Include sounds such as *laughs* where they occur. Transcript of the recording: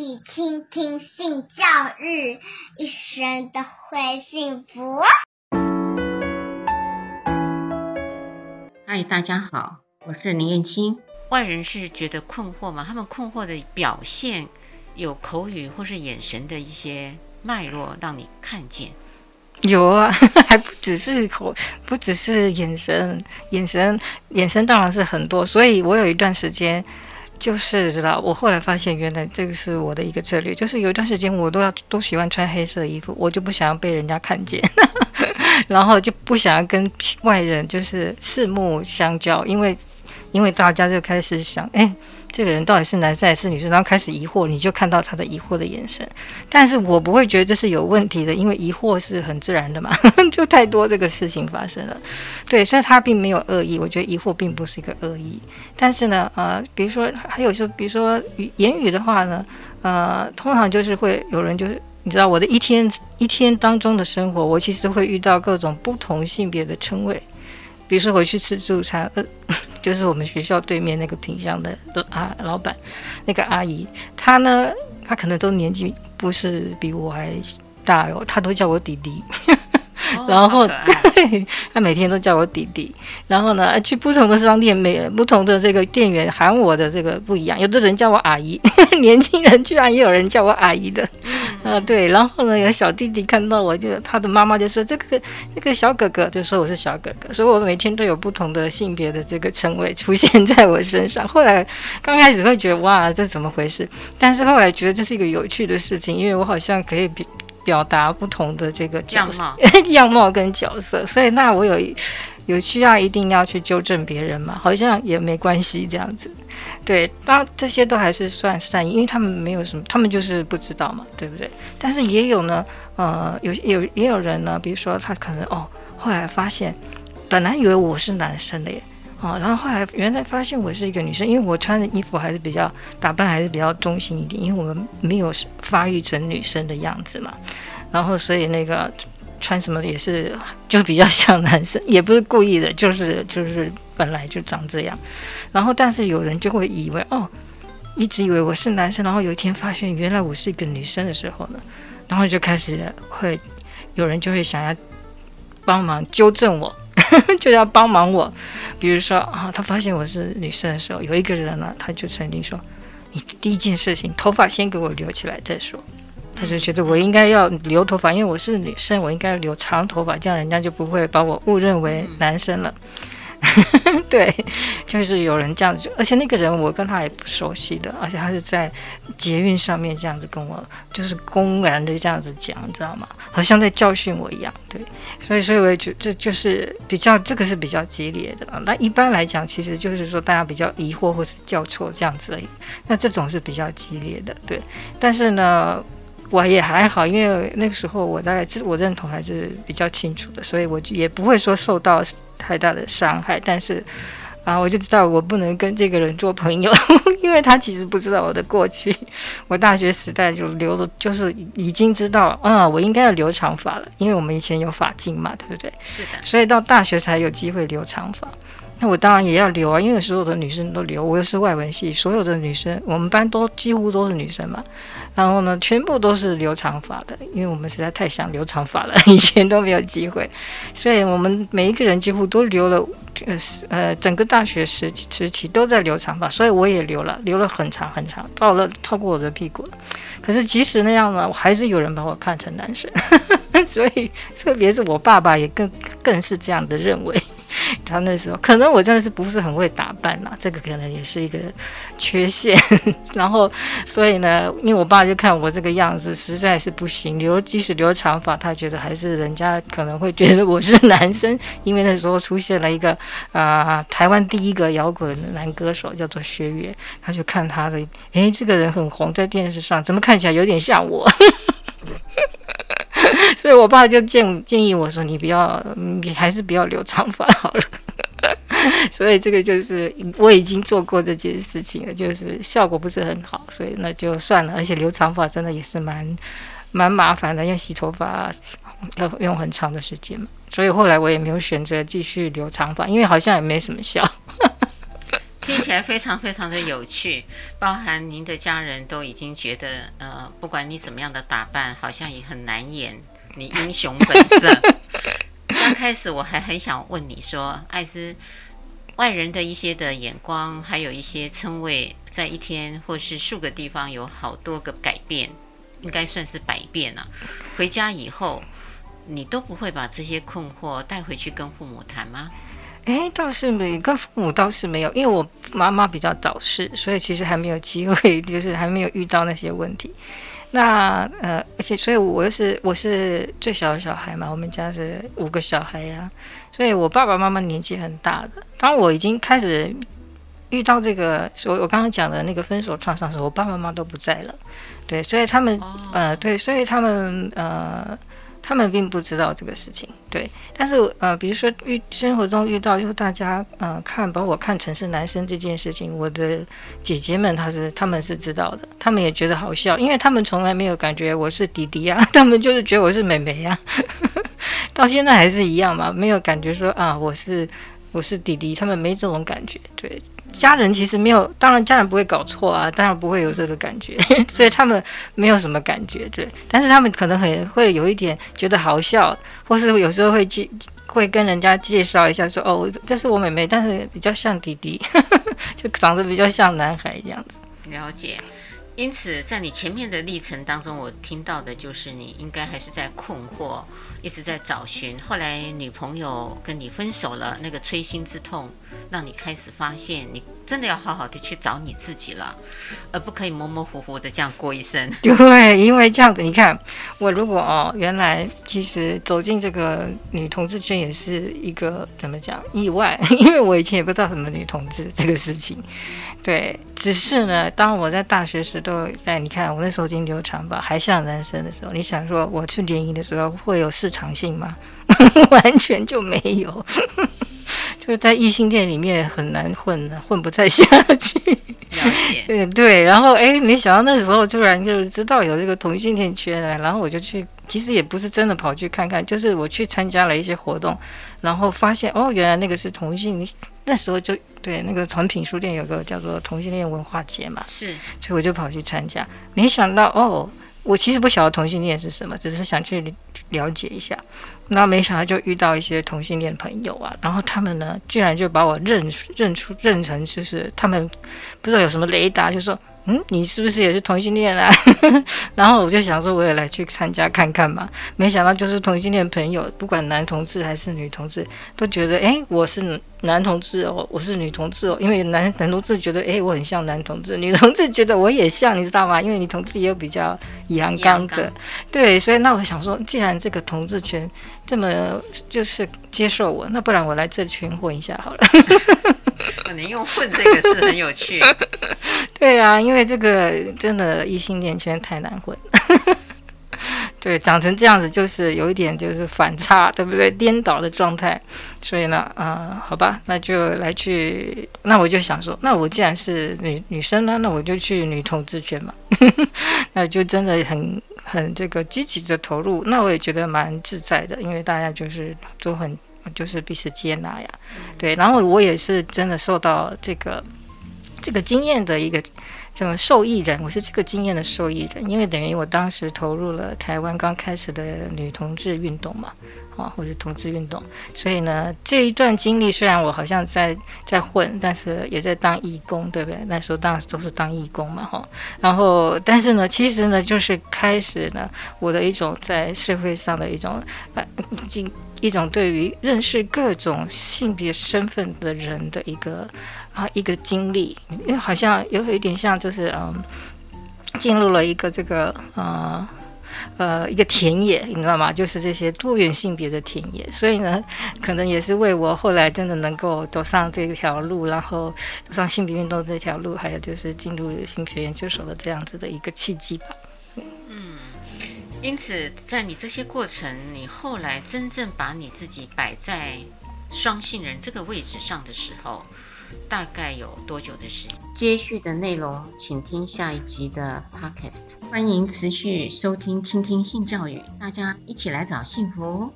你傾聽性聽教育，一生都會幸福。嗨，大家好，我是林燕青。外人是覺得困惑嘛？他們困惑的表現有口語或是眼神的一些脈絡，讓你看見。有啊，還不只是口，不只是眼神，眼神眼神當然是很多。所以我有一段時間。就是知道，我後來發現，原來這個是我的一個策略。就是有一段時間，我都要都喜歡穿黑色衣服，我就不想要被人家看見，呵呵，然後就不想要跟外人就是四目相交，因為。因為大家就開始想，哎，這個人到底是男生還是女生，然後開始疑惑，你就看到他的疑惑的眼神。但是我不會覺得這是有問題的，因為疑惑是很自然的嘛，呵呵，就太多這個事情發生了。對，所以他並沒有惡意，我覺得疑惑並不是一個惡意。但是呢，呃，比如說還有說，比如說言語的話呢，呃，通常就是會有人就是你知道我的一天一天當中的生活，我其實會遇到各種不同性別的稱謂。比如說回去吃自助餐，呃，就是我們學校對面那個品香的啊老闆，那個阿姨，她呢，她可能都年紀不是比我還大哦，她都叫我弟弟。 *laughs* 然後，哦、 *laughs* 他每天都叫我弟弟。然後呢，去不同的商店，每不同的這個店員喊我的這個不一樣。有的人叫我阿姨， *laughs* 年輕人居然也有人叫我阿姨的、嗯。啊，對。然後呢，有小弟弟看到我就，他的媽媽就說這個這個小哥哥，就說我是小哥哥。所以我每天都有不同的性別的這個稱謂出現在我身上。嗯、後來剛開始會覺得哇，這怎麼回事？但是後來覺得這是一個有趣的事情，因為我好像可以比。表達不同的這個角色樣貌， *laughs* 樣貌跟角色，所以那我有有需要一定要去糾正別人嘛？好像也沒關係這樣子，對，當然這些都還是算善意，因為他們沒有什麼，他們就是不知道嘛，對不對？但是也有呢，呃，有有也有人呢，比如說他可能哦，後來發現本來以為我是男生的耶。哦，然後後來原來發現我是一個女生，因為我穿的衣服還是比較打扮還是比較中性一點，因為我們沒有發育成女生的樣子嘛。然後所以那個穿什麼也是就比較像男生，也不是故意的，就是就是本來就長這樣。然後但是有人就會以為哦，一直以為我是男生，然後有一天發現原來我是一個女生的時候呢，然後就開始會有人就會想要幫忙糾正我。 *laughs* 就要幫忙我，比如說啊，他發現我是女生的時候，有一個人呢，他就曾經說：“你第一件事情，頭髮先給我留起來再說。”他就覺得我應該要留頭髮，因為我是女生，我應該要留長頭髮，這樣人家就不會把我誤認為男生了。 *laughs* 對，就是有人這樣子，而且那個人我跟他也不熟悉的，而且他是在捷運上面這樣子跟我，就是公然的這樣子講，你知道嗎？好像在教訓我一樣。對，所以所以我覺得就，就是比較這個是比較激烈的。那一般來講，其實就是說大家比較疑惑或是叫錯這樣子而已，那這種是比較激烈的。對，但是呢。我也還好，因為那個時候我大概，我認同還是比較清楚的，所以我也不會說受到太大的傷害。但是，啊，我就知道我不能跟這個人做朋友，呵呵，因為他其實不知道我的過去。我大學時代就留了，就是已經知道，啊、嗯，我應該要留長髮了，因為我們以前有髮禁嘛，對不對？是的。所以到大學才有機會留長髮。那我當然也要留啊，因為所有的女生都留，我又是外文系，所有的女生，我們班都幾乎都是女生嘛。然後呢，全部都是留長髮的，因為我們實在太想留長髮了，以前都沒有機會，所以我們每一個人幾乎都留了，呃呃，整個大學時期時期都在留長髮，所以我也留了，留了很長很長，到了超過我的屁股。可是即使那樣呢，我還是有人把我看成男生，呵呵，所以特別是我爸爸也更更是這樣的認為。他那時候可能我真的是不是很會打扮吶，這個可能也是一個缺陷。然後所以呢，因為我爸就看我這個樣子實在是不行，留即使留長髮，他覺得還是人家可能會覺得我是男生。因為那時候出現了一個啊、呃，台灣第一個搖滾的男歌手叫做薛岳，他就看他的，哎，這個人很紅，在電視上，怎麼看起來有點像我？ *laughs* 所以我爸就建建議我說，你不要，你還是不要留長髮好了。 *laughs* 所以這個就是我已經做過這件事情了，就是效果不是很好，所以那就算了。而且留長髮真的也是蠻蠻麻煩的，要洗頭髮，要用很長的時間嘛。所以後來我也沒有選擇繼續留長髮，因為好像也沒什麼效。 *laughs* 聽起來非常非常的有趣，包含您的家人都已經覺得，呃，不管你怎麼樣的打扮，好像也很難掩你英雄本色。剛 *laughs* 開始我還很想問你說，愛芝。外人的一些的眼光，還有一些稱謂，在一天或是數個地方有好多個改變，應該算是百變了啊。回家以後，你都不會把這些困惑帶回去跟父母談嗎？哎，倒是跟父母倒是沒有，因為我媽媽比較早逝，所以其實還沒有機會，就是還沒有遇到那些問題。那呃，而且所以我是我是最小的小孩嘛，我們家是五個小孩呀、啊，所以我爸爸媽媽年紀很大的。當我已經開始遇到這個，我我剛剛講的那個分手創傷時候，我爸爸媽媽都不在了，對，所以他們、哦、呃，對，所以他們呃。他們並不知道這個事情，對，但是呃，比如說遇生活中遇到，就是大家嗯、呃、看把我看成是男生這件事情，我的姐姐們她是他們是知道的，他們也覺得好笑，因為他們從來沒有感覺我是弟弟呀、啊，他們就是覺得我是妹妹呀、啊， *laughs* 到現在還是一樣嘛，沒有感覺說啊我是。我是弟弟，他們沒這種感覺。對，家人其實沒有，當然家人不會搞錯啊，當然不會有這個感覺，所以他們沒有什麼感覺。對，但是他們可能很會有一點覺得好笑，或是有時候會介會跟人家介紹一下說哦，這是我妹妹，但是比較像弟弟，呵呵，就長得比較像男孩這樣子。了解。因此，在你前面的歷程當中，我聽到的就是你應該還是在困惑，一直在找尋。後來女朋友跟你分手了，那個摧心之痛，讓你開始發現，你真的要好好的去找你自己了，而不可以模模糊糊的這樣過一生。對，因為這樣子，你看我如果哦，原來其實走進這個女同志圈，也是一個怎麼講意外，因為我以前也不知道什麼女同志這個事情。對，只是呢，當我在大學時。都在、哎、你看，我那時候已經留長吧，還像男生的時候。你想說我去聯誼的時候會有市場性嗎？ *laughs* 完全就沒有， *laughs* 就在異性戀裡面很難混，混不太下去。 *laughs* 對對。然後哎，沒想到那時候突然就知道有這個同性戀圈了，然後我就去。其實也不是真的跑去看看，就是我去參加了一些活動，然後發現哦，原來那個是同性，那時候就對那個團品書店有個叫做同性戀文化節嘛，是，所以我就跑去參加，沒想到哦，我其實不曉得同性戀是什麼，只是想去了解一下，那沒想到就遇到一些同性戀朋友啊，然後他們呢，居然就把我認認出認成就是他們不知道有什麼雷達，就是說，嗯，你是不是也是同性戀啊？ *laughs* 然後我就想說，我也來去參加看看嘛。沒想到就是同性戀朋友，不管男同志還是女同志，都覺得哎、欸，我是男同志哦，我是女同志哦。因為男男同志覺得哎、欸，我很像男同志；女同志覺得我也像，你知道嗎？因為女同志也有比較陽剛的，剛的對。所以那我想說，既然這個同志圈這麼就是接受我，那不然我來這群混一下好了。 *laughs* 可、哦、能用“混”這個字很有趣， *laughs* 對啊，因為這個真的異性戀圈太難混。 *laughs* 對，長成這樣子就是有一點就是反差，對不對？顛倒的狀態，所以呢，啊、呃，好吧，那就來去。那我就想說，那我既然是女女生呢，那我就去女同志圈嘛。 *laughs* 那就真的很很這個積極的投入，那我也覺得蠻自在的，因為大家就是都很。就是彼此接納、啊、呀，對，然後我也是真的受到這個。這個經驗的一個叫受益人，我是這個經驗的受益人，因為等於我當時投入了台灣剛開始的女同志運動嘛，啊、哦，或是同志運動，所以呢，這一段經歷雖然我好像在在混，但是也在當義工，對不對？那時候當時都是當義工嘛，哈、哦。然後，但是呢，其實呢，就是開始呢，我的一種在社會上的一種呃，進一種對於認識各種性別身份的人的一個。啊，一個經歷，因為好像有有一點像，就是嗯，進入了一個這個呃呃一個田野，你知道嗎？就是這些多元性別的田野，所以呢，可能也是為我後來真的能夠走上這條路，然後走上性別運動這條路，還有就是進入性別研究所的這樣子的一個契機吧。嗯，因此，在你這些過程，你後來真正把你自己擺在雙性人這個位置上的時候，大概有多久的時間？接續的內容，請聽下一集的 podcast。歡迎持續收聽、傾聽性教育，大家一起來找幸福哦！